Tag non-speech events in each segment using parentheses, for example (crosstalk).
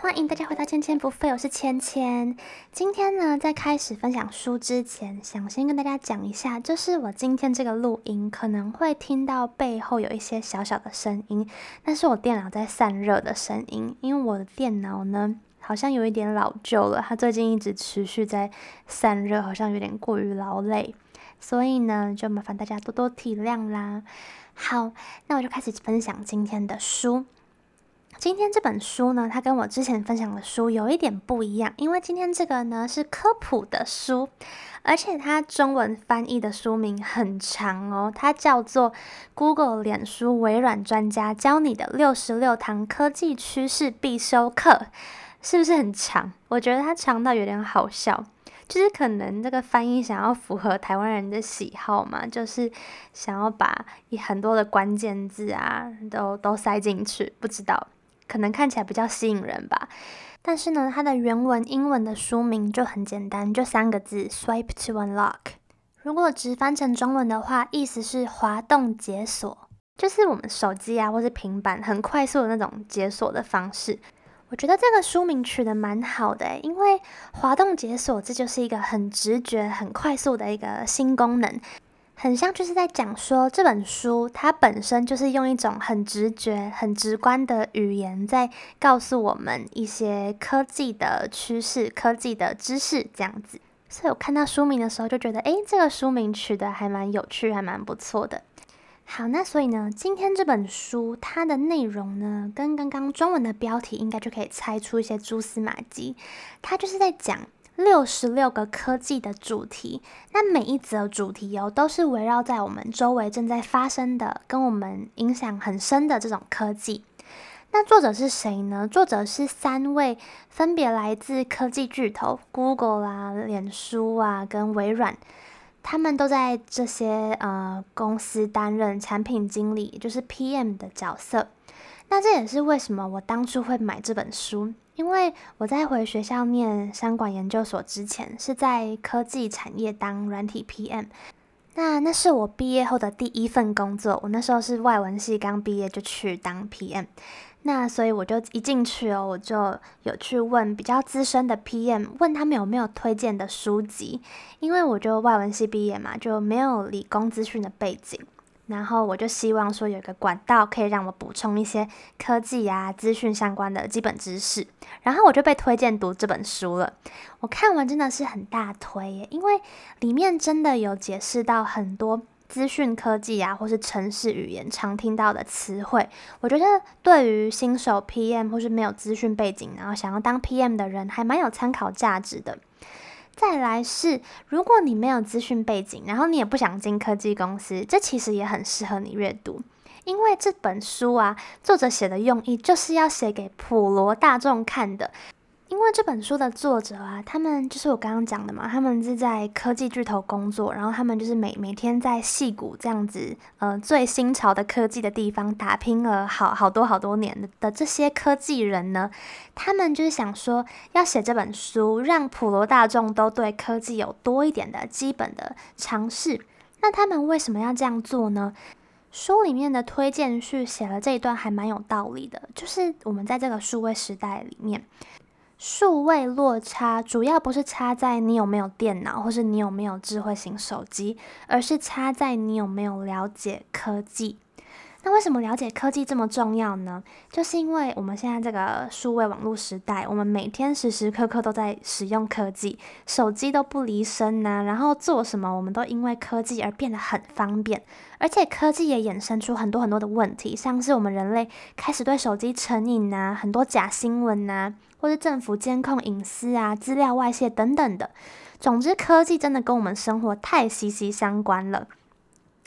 歡迎大家回到千千不廢。我是千千。今天呢，在開始分享書之前，想先跟大家講一下，就是我今天這個錄音可能會聽到背後有一些小小的聲音，那是我電腦在散熱的聲音。因為我的電腦呢，好像有一點老舊了，它最近一直持續在散熱，好像有點過於勞累，所以呢，就麻煩大家多多體諒啦。好，那我就開始分享今天的書。今天這本書呢，它跟我之前分享的書有一點不一樣，因為今天這個呢是科普的書，而且它中文翻譯的書名很長哦，它叫做《Google 臉書微軟專家教你的六十六堂科技趨勢必修課》，是不是很長？我覺得它長到有點好笑。就是可能這個翻譯想要符合台灣人的喜好嘛，就是想要把很多的關鍵字啊都都塞進去，不知道可能看起來比較吸引人吧。但是呢，它的原文英文的書名就很簡單，就三個字 “Swipe to Unlock”。如果直翻成中文的話，意思是滑動解鎖，就是我們手機啊或是平板很快速的那種解鎖的方式。我覺得這個書名取得蠻好的誒，因為滑動解鎖，這就是一個很直覺、很快速的一個新功能，很像就是在講說這本書它本身就是用一種很直覺、很直觀的語言在告訴我們一些科技的趨勢、科技的知識這樣子。所以我看到書名的時候就覺得，誒，這個書名取得還蠻有趣，還蠻不錯的。好，那所以呢，今天這本書它的內容呢，跟剛剛中文的標題應該就可以猜出一些蛛絲馬跡。它就是在講六十六個科技的主題，那每一則主題哦，都是圍繞在我們周圍正在發生的、跟我們影響很深的這種科技。那作者是誰呢？作者是三位，分別來自科技巨頭 Google 啦、啊、臉書啊跟微軟。他們都在這些呃公司，擔任產品經理，就是 PM 的角色。那這也是為什麼我當初會買這本書，因為我在回學校念商管研究所之前，是在科技產業當軟體 PM。那那是我畢業後的第一份工作，我那時候是外文系剛畢業就去當 PM，那所以我就一進去哦，我就有去問比較資深的 PM，問他們有沒有推薦的書籍，因為我就外文系畢業嘛，就沒有理工資訊的背景。然後我就希望說有一個管道可以讓我補充一些科技啊、資訊相關的基本知識，然後我就被推薦讀這本書了。我看完真的是很大推耶，因為裡面真的有解釋到很多資訊科技啊，或是程式語言常聽到的詞彙。我覺得對於新手 PM 或是沒有資訊背景，然後想要當 PM 的人，還蠻有參考價值的。再來是，如果你沒有資訊背景，然後你也不想進科技公司，這其實也很適合你閱讀，因為這本書啊，作者寫的用意就是要寫給普羅大眾看的。因為這本書的作者啊，他們就是我剛剛講的嘛，他們是在科技巨頭工作，然後他們就是每每天在矽谷這樣子，呃，最新潮的科技的地方打拼了好好多好多年的，的這些科技人呢，他們就是想說要寫這本書，讓普羅大眾都對科技有多一點的基本的常識。那他們為什麼要這樣做呢？書裡面的推薦序寫了這一段還蠻有道理的，就是我們在這個數位時代裡面。數位落差主要不是差在你有沒有電腦，或是你有沒有智慧型手機，而是差在你有沒有了解科技。那為什麼了解科技這麼重要呢？就是因為我們現在這個數位網絡時代，我們每天時時刻刻都在使用科技，手機都不離身吶、啊。然後做什麼，我們都因為科技而變得很方便。而且科技也衍生出很多很多的問題，像是我們人類開始對手機成癮吶、啊，很多假新聞吶、啊。或是政府監控隱私啊，資料外泄等等的，總之科技真的跟我們生活太息息相關了。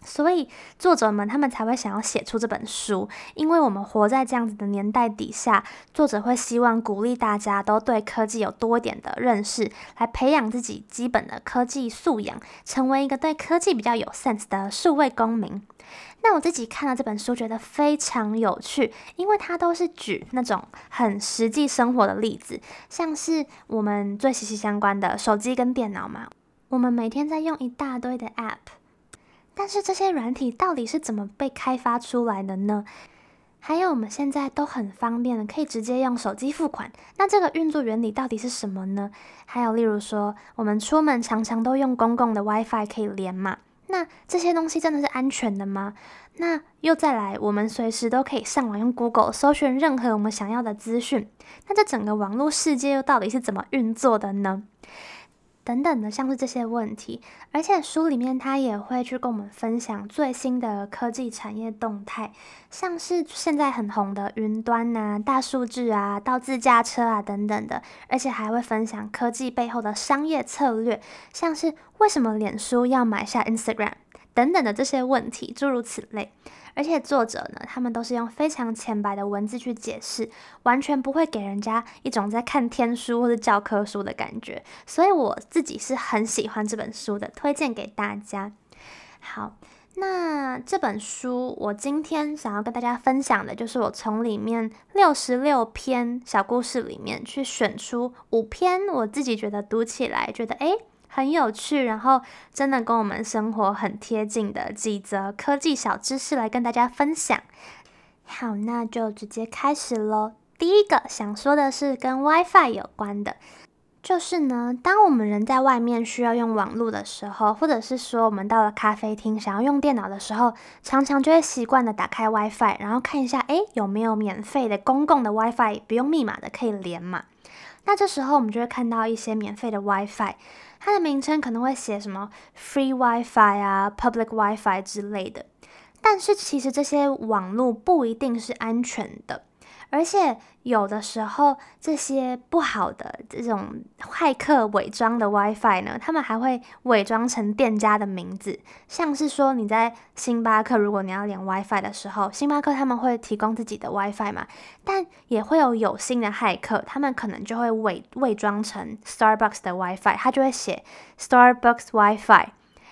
所以作者們他們才會想要寫出這本書，因為我們活在這樣子的年代底下，作者會希望鼓勵大家都對科技有多一點的認識，來培養自己基本的科技素養，成為一個對科技比較有 sense 的數位公民。那我自己看了這本書，覺得非常有趣，因為它都是舉那種很實際生活的例子，像是我們最息息相關的手機跟電腦嘛。我們每天在用一大堆的 App，但是這些軟體到底是怎麼被開發出來的呢？還有我們現在都很方便的，可以直接用手機付款，那這個運作原理到底是什麼呢？還有例如說，我們出門常常都用公共的 WiFi 可以連嘛。那這些東西真的是安全的嗎？那又再來，我們隨時都可以上網用 Google 搜尋任何我們想要的資訊。那這整個網絡世界又到底是怎麼運作的呢？等等的，像是這些問題，而且書裡面他也會去跟我們分享最新的科技產業動態，像是現在很紅的雲端吶、啊、大數據啊、到自駕車啊等等的，而且還會分享科技背後的商業策略，像是為什麼臉書要買下 Instagram 等等的這些問題，諸如此類。而且作者呢，他們都是用非常淺白的文字去解釋，完全不會給人家一種在看天書或者教科書的感覺，所以我自己是很喜歡這本書的，推薦給大家。好，那這本書我今天想要跟大家分享的就是我從裡面六十六篇小故事裡面去選出五篇，我自己覺得讀起來覺得哎，誒很有趣，然後真的跟我們生活很貼近的幾則科技小知識來跟大家分享。好，那就直接開始嘍。第一個想說的是跟 WiFi 有關的，就是呢，當我們人在外面需要用網絡的時候，或者是說我們到了咖啡廳想要用電腦的時候，常常就會習慣的打開 WiFi，然後看一下，哎，有沒有免費的公共的 WiFi，不用密碼的可以連嘛？那這時候我們就會看到一些免費的 WiFi。Fi, 它的名稱可能會寫什麼 “free wifi” 啊、“public wifi” 之類的，但是其實這些網絡不一定是安全的。而且有的時候，這些不好的這種駭客偽裝的 WiFi 呢，他們還會偽裝成店家的名字，像是說你在星巴克，如果你要連 WiFi 的時候，星巴克他們會提供自己的 WiFi 嘛，但也會有有心的駭客，他們可能就會偽偽裝成 Starbucks 的 WiFi，他就會寫 Starbucks WiFi，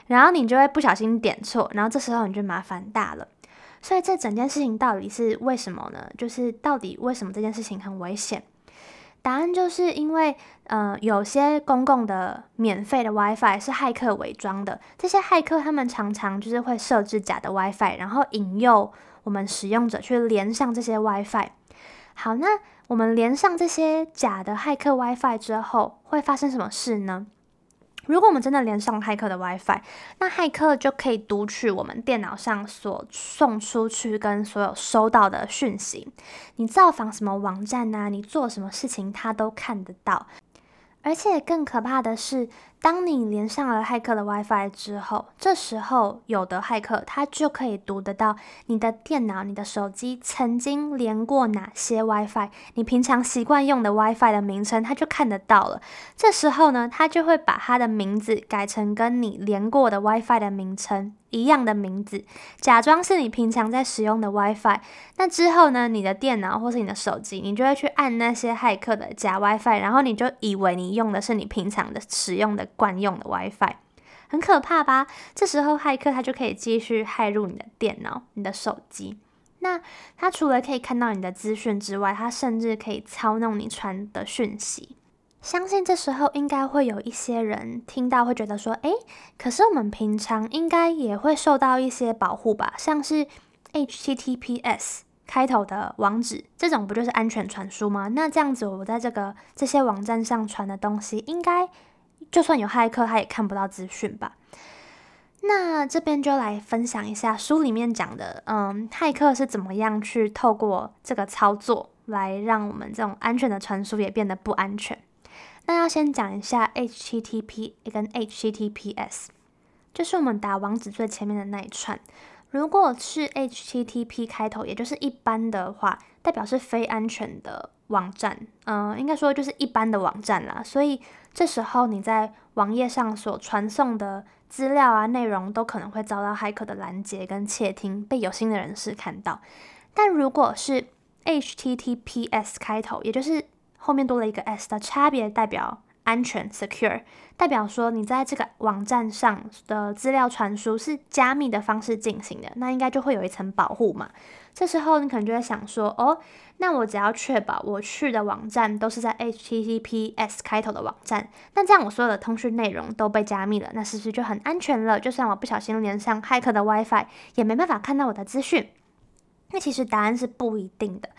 然後你就會不小心點錯，然後這時候你就麻煩大了。所以這整件事情到底是為什麼呢？就是到底為什麼這件事情很危險？答案就是因為，嗯、呃，有些公共的免費的 WiFi 是駭客偽裝的。這些駭客他們常常就是會設置假的 WiFi，然後引誘我們使用者去連上這些 WiFi。好，那我們連上這些假的駭客 WiFi 之後，會發生什麼事呢？如果我們真的連上駭客的 WiFi，那駭客就可以讀取我們電腦上所送出去跟所有收到的訊息。你造訪什麼網站啊，你做什麼事情，他都看得到。而且更可怕的是。當你連上了駭客的 WiFi 之後，這時候有的駭客他就可以讀得到你的電腦、你的手機曾經連過哪些 WiFi，你平常習慣用的 WiFi 的名稱，他就看得到了。這時候呢，他就會把他的名字改成跟你連過的 WiFi 的名稱，一樣的名字，假裝是你平常在使用的 WiFi。那之後呢，你的電腦或是你的手機，你就會去按那些駭客的假 WiFi，然後你就以為你用的是你平常的使用的。慣用的 WiFi 很可怕吧？這時候駭客他就可以繼續駭入你的電腦、你的手機。那他除了可以看到你的資訊之外，他甚至可以操弄你傳的訊息。相信這時候應該會有一些人聽到會覺得說：“誒，可是我們平常應該也會受到一些保護吧？像是 HTTPS 開頭的網址，這種不就是安全傳輸嗎？那這樣子，我在這個這些網站上傳的東西應該……”就算有駭客，他也看不到資訊吧。那這邊就來分享一下書裡面講的，嗯，駭客是怎麼樣去透過這個操作來讓我們這種安全的傳輸也變得不安全。那要先講一下 HTTP 跟 HTTPS，就是我們打網址最前面的那一串。如果是 HTTP 開頭，也就是一般的話，代表是非安全的。網站，嗯、呃，應該說就是一般的網站啦，所以這時候你在網頁上所傳送的資料啊、內容都可能會遭到駭客的攔截跟竊聽，被有心的人士看到。但如果是 HTTPS 開頭，也就是後面多了一個 S 的差別，代表安全 （secure） 代表說，你在這個網站上的資料傳輸是加密的方式進行的，那應該就會有一層保護嘛。這時候你可能就會想說：“哦，那我只要確保我去的網站都是在 HTTPS 開頭的網站，那這樣我所有的通訊內容都被加密了，那是不是就很安全了？就算我不小心連上駭客的 WiFi，也沒辦法看到我的資訊。”那其實答案是不一定的，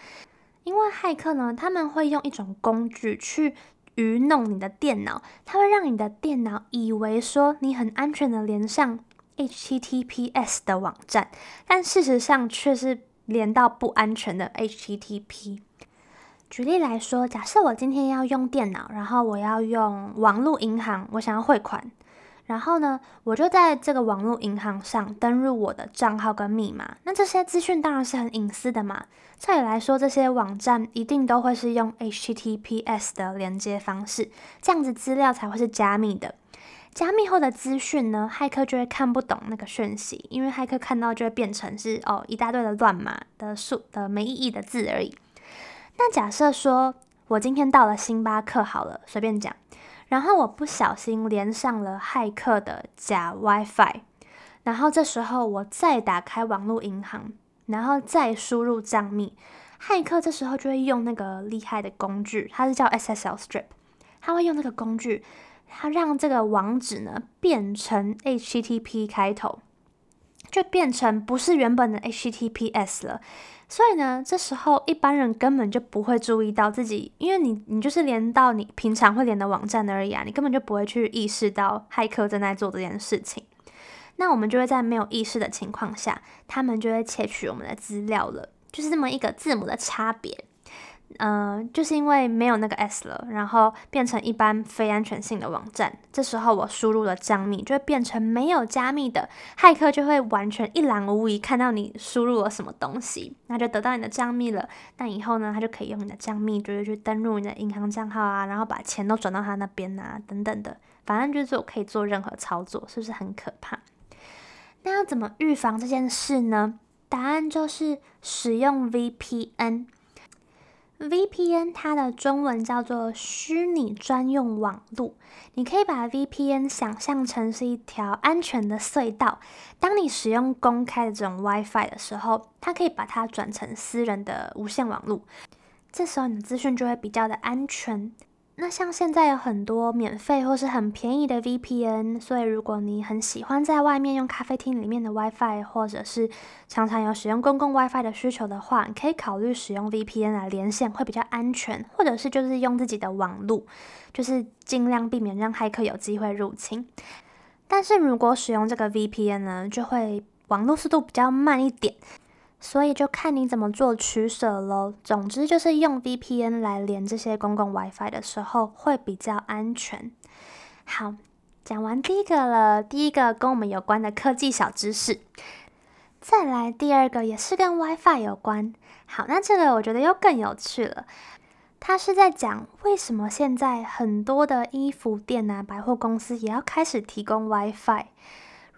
因為駭客呢，他們會用一種工具去。愚弄你的電腦，它會讓你的電腦以為說你很安全的連上 HTTPS 的網站，但事實上卻是連到不安全的 HTTP。舉例來說，假設我今天要用電腦，然後我要用網路銀行，我想要匯款。然後呢，我就在這個網絡銀行上登錄我的賬號跟密碼。那這些資訊當然是很隱私的嘛。照理來說，這些網站一定都會是用 HTTPS 的連接方式，這樣子資料才會是加密的。加密後的資訊呢，駭客就會看不懂那個訊息，因為駭客看到就會變成是哦一大堆的亂碼的數的沒意義的字而已。那假設說我今天到了星巴克好了，隨便講。然後我不小心連上了駭客的假 WiFi，然後這時候我再打開網絡銀行，然後再輸入賬密，駭客這時候就會用那個厲害的工具，它是叫 SSL Strip，它會用那個工具，它讓這個網址呢變成 HTTP 開頭，就變成不是原本的 HTTPS 了。所以呢，這時候一般人根本就不會注意到自己，因為你你就是連到你平常會連的網站而已啊，你根本就不會去意識到駭客正在做這件事情。那我們就會在沒有意識的情況下，他們就會竊取我們的資料了，就是這麼一個字母的差別。嗯、呃，就是因為沒有那個 S 了，然後變成一般非安全性的網站。這時候我輸入了加密，就會變成沒有加密的，駭客就會完全一覽無遺，看到你輸入了什麼東西，那就得到你的加密了。那以後呢，他就可以用你的加密，就是去登入你的銀行賬號啊，然後把錢都轉到他那邊啊，等等的，反正就是我可以做任何操作，是不是很可怕？那要怎麼預防這件事呢？答案就是使用 VPN。VPN 它的中文叫做虛擬專用網路，你可以把 VPN 想象成是一條安全的隧道。當你使用公開的這種 WiFi 的時候，它可以把它轉成私人的無線網路，這時候你的資訊就會比較的安全。那像現在有很多免費或是很便宜的 VPN，所以如果你很喜歡在外面用咖啡廳裡面的 WiFi，或者是常常有使用公共 WiFi 的需求的話，可以考慮使用 VPN 來連線，會比較安全。或者是就是用自己的網路，就是盡量避免讓駭客有機會入侵。但是如果使用這個 VPN 呢，就會網絡速度比較慢一點。所以就看你怎麼做取舍嘍。總之就是用 VPN 來連這些公共 WiFi 的時候會比較安全。好，講完第一個了，第一個跟我們有關的科技小知識。再來第二個也是跟 WiFi 有關。好，那這個我覺得又更有趣了。他是在講為什麼現在很多的衣服店吶、啊、百貨公司也要開始提供 WiFi。Fi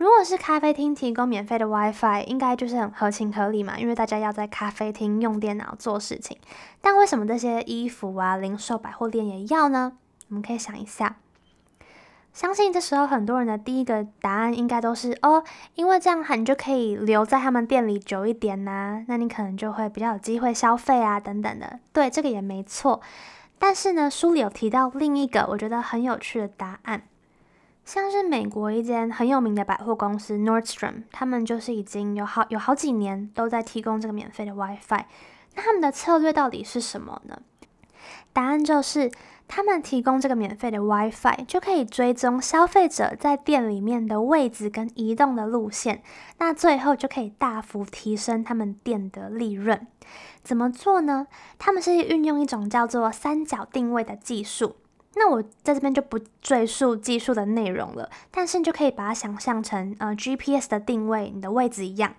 如果是咖啡廳提供免費的 WiFi，應該就是很合情合理嘛，因為大家要在咖啡廳用電腦做事情。但為什麼這些衣服啊、零售百貨店也要呢？我們可以想一下，相信這時候很多人的第一個答案應該都是哦，因為這樣很你就可以留在他們店裡久一點吶、啊，那你可能就會比較有機會消費啊，等等的。對，這個也沒錯。但是呢，書裡有提到另一個我覺得很有趣的答案。像是美國一間很有名的百貨公司 Nordstrom，他們就是已經有好有好幾年都在提供這個免費的 WiFi，那他們的策略到底是什麼呢？答案就是他們提供這個免費的 WiFi，就可以追蹤消費者在店裡面的位置跟移動的路線，那最後就可以大幅提升他們店的利潤。怎麼做呢？他們是運用一種叫做三角定位的技術。那我在這邊就不贅述技術的內容了，但是你就可以把它想象成呃 GPS 的定位，你的位置一樣。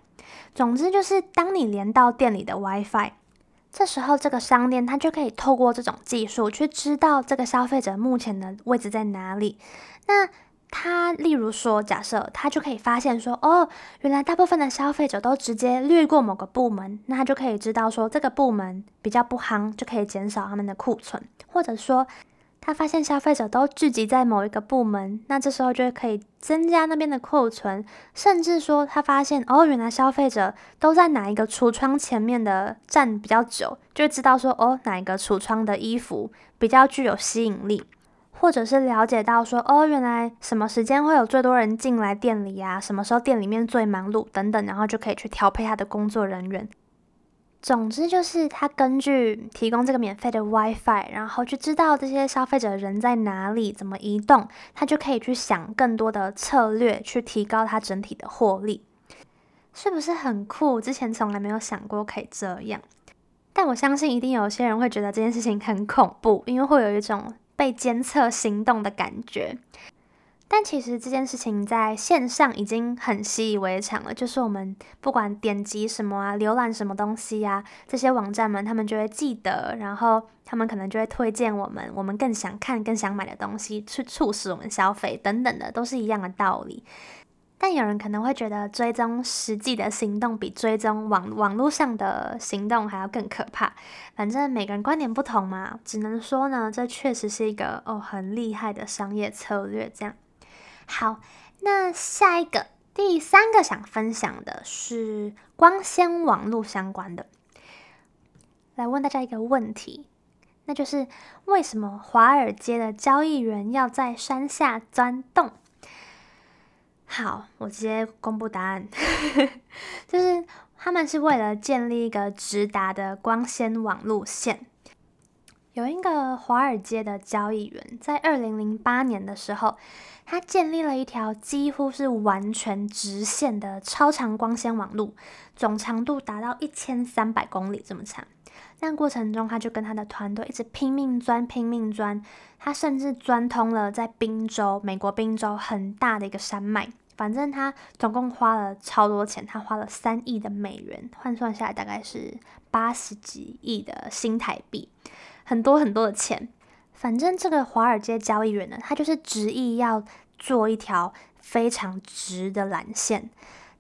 總之就是當你連到店裡的 WiFi，這時候這個商店它就可以透過這種技術去知道這個消費者目前的位置在哪裡。那它例如說，假設它就可以發現說，哦，原來大部分的消費者都直接略過某個部門，那它就可以知道說這個部門比較不夯，就可以減少他們的庫存，或者說，他發現消費者都聚集在某一個部門，那這時候就可以增加那邊的庫存。甚至說，他發現哦，原來消費者都在哪一個櫥窗前面的站比較久，就知道說哦，哪一個櫥窗的衣服比較具有吸引力，或者是了解到說哦，原來什麼時間會有最多人進來店裡啊，什麼時候店裡面最忙碌等等，然後就可以去調配他的工作人員。總之就是，他根據提供這個免費的 WiFi，然後去知道這些消費者人在哪裡、怎麼移動，他就可以去想更多的策略去提高他整體的獲利，是不是很酷？之前從來沒有想過可以這樣，但我相信一定有些人會覺得這件事情很恐怖，因為會有一種被監測行動的感覺。但其實這件事情在線上已經很習以為常了，就是我們不管點擊什麼啊、瀏覽什麼東西呀、啊，這些網站們他們就會記得，然後他們可能就會推薦我們我們更想看、更想買的東西，去促使我們消費等等的，都是一樣的道理。但有人可能會覺得追蹤實際的行動比追蹤網網絡上的行動還要更可怕。反正每個人觀點不同嘛，只能說呢，這確實是一個哦很厲害的商業策略，這樣。好，那下一個第三個想分享的是光纖網絡相關的。來問大家一個問題，那就是為什麼華爾街的交易員要在山下鑽洞？好，我直接公布答案， (laughs) 就是他們是為了建立一個直達的光纖網路線。有一個華爾街的交易員在二零零八年的時候。他建立了一條幾乎是完全直線的超長光纖網路，總長度達到一千三百公里這麼長。但、那個、過程中，他就跟他的團隊一直拼命鑽，拼命鑽。他甚至鑽通了在賓州，美國賓州很大的一個山脈。反正他總共花了超多錢，他花了三億的美元，換算下來大概是八十幾億的新台幣，很多很多的錢。反正這個華爾街交易員呢，他就是執意要做一條非常直的纜線，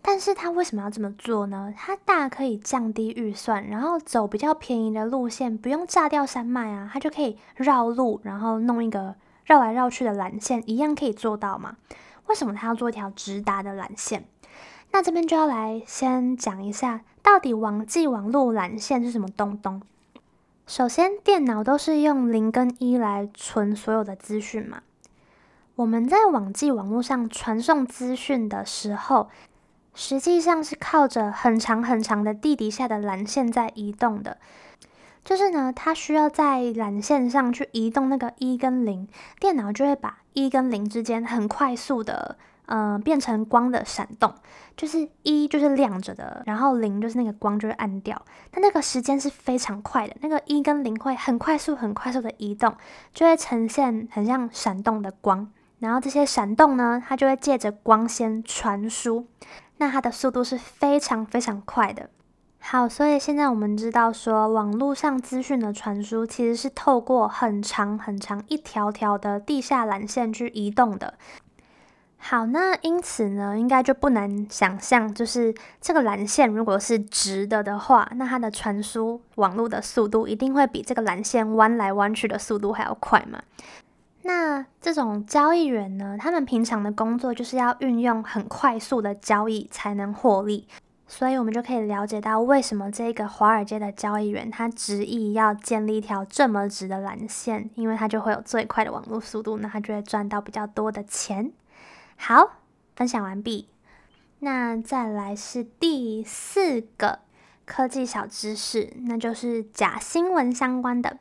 但是他為什麼要這麼做呢？他大可以降低預算，然後走比較便宜的路線，不用炸掉山脈啊，他就可以繞路，然後弄一個繞來繞去的纜線，一樣可以做到嘛？為什麼他要做一條直達的纜線？那這邊就要來先講一下，到底網際網路纜線是什麼東東？首先，電腦都是用零跟一來存所有的資訊嘛。我們在網際網絡上傳送資訊的時候，實際上是靠着很長很長的地底下的纜線在移動的。就是呢，它需要在纜線上去移動那個一跟零，電腦就會把一跟零之間很快速的。嗯、呃，變成光的閃動，就是一就是亮着的，然後零就是那個光就會暗掉。它那，那個時間是非常快的，那個一跟零會很快速、很快速的移動，就會呈現很像閃動的光。然後這些閃動呢，它就會借着光纖傳輸，那它的速度是非常非常快的。好，所以現在我們知道說，網絡上資訊的傳輸其實是透過很長很長一條條的地下纜線去移動的。好，那因此呢，應該就不難想象，就是這個藍線如果是直的的話，那它的傳輸網絡的速度一定會比這個藍線彎來彎去的速度還要快嘛。那這種交易員呢，他們平常的工作就是要運用很快速的交易才能獲利，所以我們就可以了解到為什麼這個華爾街的交易員他執意要建立一條這麼直的藍線，因為他就會有最快的網絡速度，那他就會賺到比較多的錢。好，分享完畢。那再來是第四個科技小知識，那就是假新聞相關的。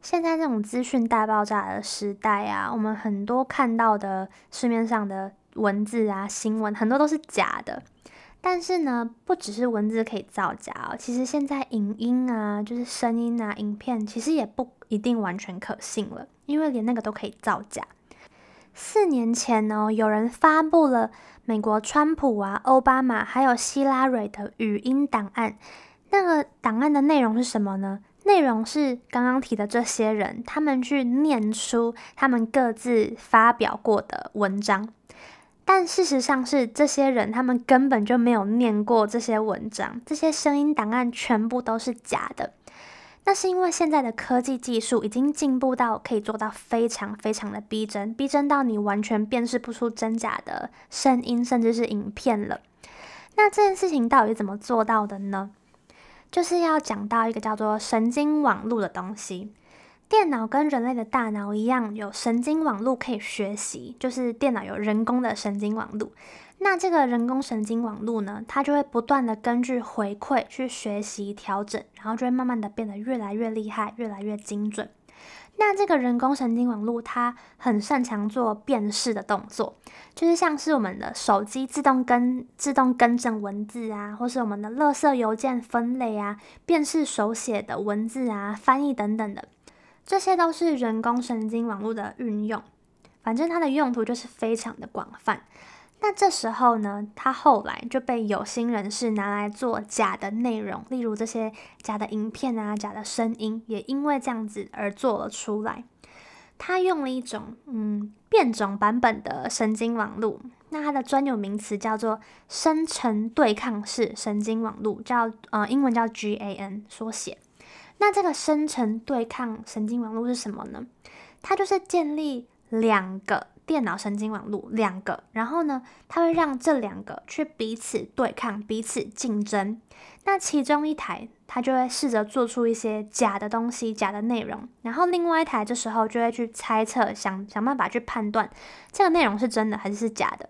現在這種資訊大爆炸的時代啊，我們很多看到的市面上的文字啊、新聞，很多都是假的。但是呢，不只是文字可以造假哦，其實現在影音啊，就是聲音啊、影片，其實也不一定完全可信了，因為連那個都可以造假。四年前呢、哦，有人發布了美國川普啊、奧巴馬還有希拉蕊的語音檔案。那個檔案的內容是什麼呢？內容是剛剛提的這些人，他們去念出他們各自發表過的文章。但事實上是，這些人他們根本就沒有念過這些文章，這些聲音檔案全部都是假的。那是因為現在的科技技術已經進步到可以做到非常非常的逼真，逼真到你完全辨識不出真假的聲音，甚至是影片了。那這件事情到底怎麼做到的呢？就是要講到一個叫做神經網絡的東西。電腦跟人類的大腦一樣，有神經網絡可以學習，就是電腦有人工的神經網絡。那這個人工神經網絡呢，它就會不斷的根據回饋去學習調整，然後就會慢慢的變得越來越厲害，越來越精準。那這個人工神經網絡它很擅長做辨識的動作，就是像是我們的手機自動跟自動更正文字啊，或是我們的垃圾郵件分類啊，辨識手寫的文字啊、翻譯等等的，這些都是人工神經網絡的運用。反正它的用途就是非常的廣泛。那這時候呢，他後來就被有心人士拿來做假的內容，例如這些假的影片啊、假的聲音，也因為這樣子而做了出來。他用了一種嗯變種版本的神經網絡，那它的專有名詞叫做生成對抗式神經網絡，叫呃英文叫 GAN 縮寫。那這個生成對抗神經網絡是什麼呢？它就是建立兩個，電腦神經網絡兩個，然後呢，他會讓這兩個去彼此對抗、彼此競爭。那其中一台他就會試着做出一些假的東西、假的內容，然後另外一台這時候就會去猜測，想想辦法去判斷這個內容是真的還是假的。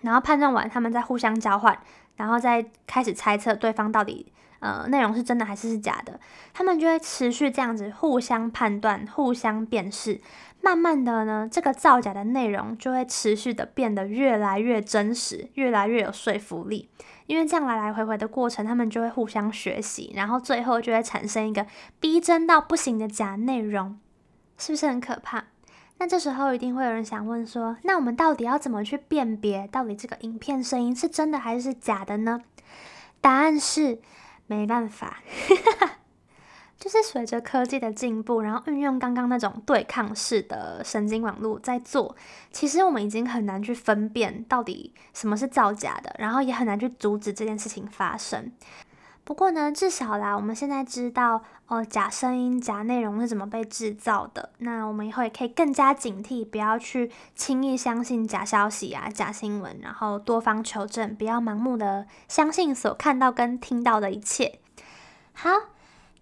然後判斷完，他們再互相交換，然後再開始猜測對方到底呃內容是真的還是是假的。他們就會持續這樣子互相判斷、互相辨識。慢慢的呢，這個造假的內容就會持續的變得越來越真實，越來越有說服力。因為這樣來來回回的過程，他們就會互相學習，然後最後就會產生一個逼真到不行的假內容，是不是很可怕？那這時候一定會有人想問說，那我們到底要怎麼去辨別到底這個影片聲音是真的還是假的呢？答案是沒辦法。 (laughs) 隨着科技的進步，然後運用剛剛那種對抗式的神經網絡在做，其實我們已經很難去分辨到底什麼是造假的，然後也很難去阻止這件事情發生。不過呢，至少啦，我們現在知道哦，假聲音、假內容是怎麼被製造的。那我們以後也可以更加警惕，不要去輕易相信假消息啊、假新聞，然後多方求證，不要盲目的相信所看到跟聽到的一切。好。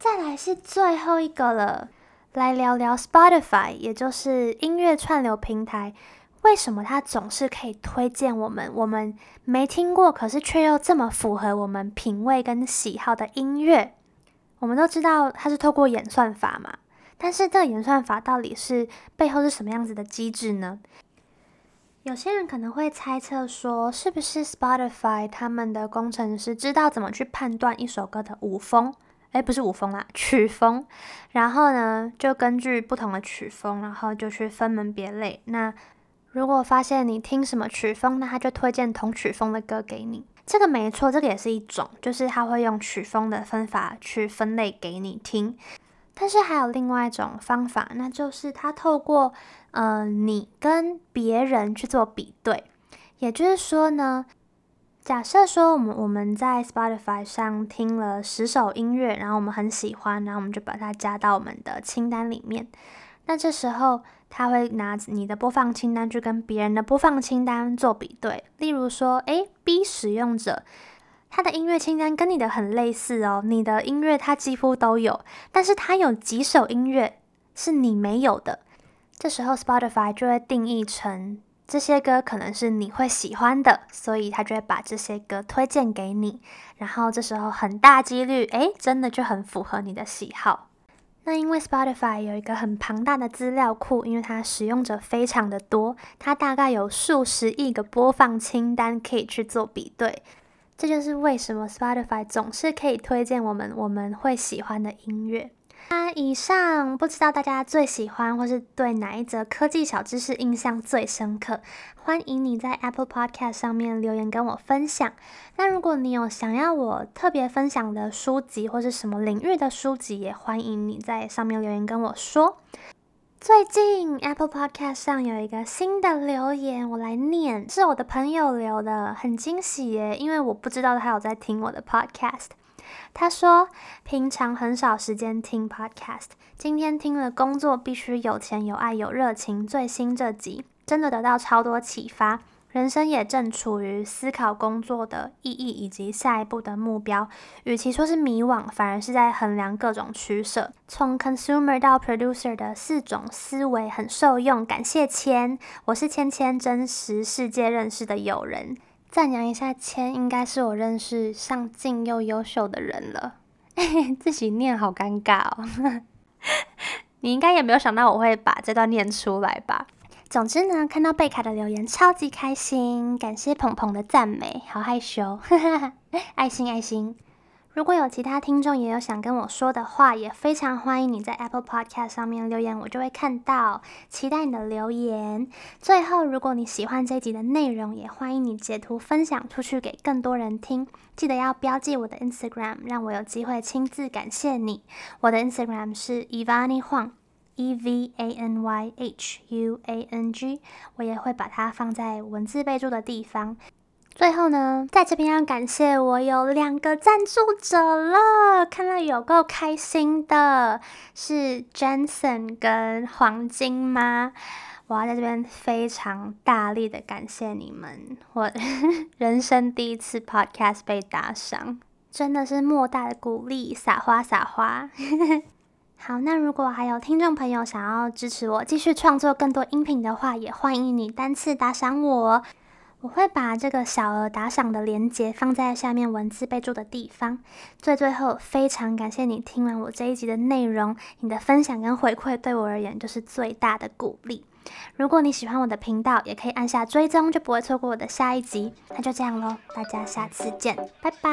再來是最後一個了，來聊聊 Spotify，也就是音樂串流平台，為什麼它總是可以推薦我們我們沒聽過，可是卻又這麼符合我們品味跟喜好的音樂？我們都知道它是透過演算法嘛，但是這個演算法到底是背後是什麼樣子的機制呢？有些人可能會猜測說，是不是 Spotify 他們的工程師知道怎麼去判斷一首歌的舞風？誒，不是舞風啦，曲風。然後呢，就根據不同的曲風，然後就去分門別類。那如果發現你聽什麼曲風，那他就推薦同曲風的歌給你。這個沒錯，這個也是一種，就是他會用曲風的分法去分類給你聽。但是還有另外一種方法，那就是他透過呃你跟別人去做比對，也就是說呢。假設說我，我們我們在 Spotify 上聽了十首音樂，然後我們很喜歡，然後我們就把它加到我們的清單裡面。那這時候，他會拿你的播放清單去跟別人的播放清單做比對。例如說，誒，B 使用者他的音樂清單跟你的很類似哦，你的音樂它幾乎都有，但是他有幾首音樂是你沒有的。這時候 Spotify 就會定義成。這些歌可能是你會喜歡的，所以他就會把這些歌推薦給你。然後這時候很大幾率，誒，真的就很符合你的喜好。那因為 Spotify 有一個很龐大的資料庫，因為它使用者非常的多，它大概有數十億個播放清單可以去做比對。這就是為什麼 Spotify 總是可以推薦我們我們會喜歡的音樂。那以上不知道大家最喜歡或是對哪一則科技小知識印象最深刻，歡迎你在 Apple Podcast 上面留言跟我分享。那如果你有想要我特別分享的書籍或是什麼領域的書籍，也歡迎你在上面留言跟我說。最近 Apple Podcast 上有一個新的留言，我來念，是我的朋友留的，很驚喜耶，因為我不知道他有在聽我的 Podcast。他說：“平常很少時間聽 podcast，今天聽了《工作必須有錢、有愛、有熱情》最新這集，真的得到超多啟發。人生也正處於思考工作的意義以及下一步的目標。與其說是迷惘，反而是在衡量各種取捨。從 consumer 到 producer 的四種思維很受用。感謝謙，我是謙謙真實世界認識的友人。”讚揚一下謙，應該是我認識上進又優秀的人了。 (laughs) 自己念好尷尬哦。 (laughs) 你應該也沒有想到我會把這段念出來吧？總之呢，看到貝卡的留言超級開心，感謝鵬鵬的讚美，好害羞， (laughs) 愛心愛心。如果有其他聽眾也有想跟我說的話，也非常歡迎你在 Apple Podcast 上面留言，我就會看到，期待你的留言。最後，如果你喜歡這一集的內容，也歡迎你截圖分享出去給更多人聽。記得要標記我的 Instagram，讓我有機會親自感謝你。我的 Instagram 是 Evany Huang，E-V-A-N-Y-H-U-A-N-G，我也會把它放在文字備注的地方。最後呢，在這邊要感謝我有兩個贊助者了，看到有夠開心的，是 Jensen 跟黃金媽。我要在這邊非常大力的感謝你們，我人生第一次 Podcast 被打賞，真的是莫大的鼓勵，撒花撒花！ (laughs) 好,那如果還有聽眾朋友想要支持我繼續創作更多音頻的話，也歡迎你單次打賞我。我會把這個小額打賞的鏈接放在下面文字備註的地方。最最後，非常感謝你聽完我這一集的內容，你的分享跟回饋對我而言就是最大的鼓勵。如果你喜歡我的頻道，也可以按下追蹤，就不會錯過我的下一集。那就這樣嘍，大家下次見，拜拜。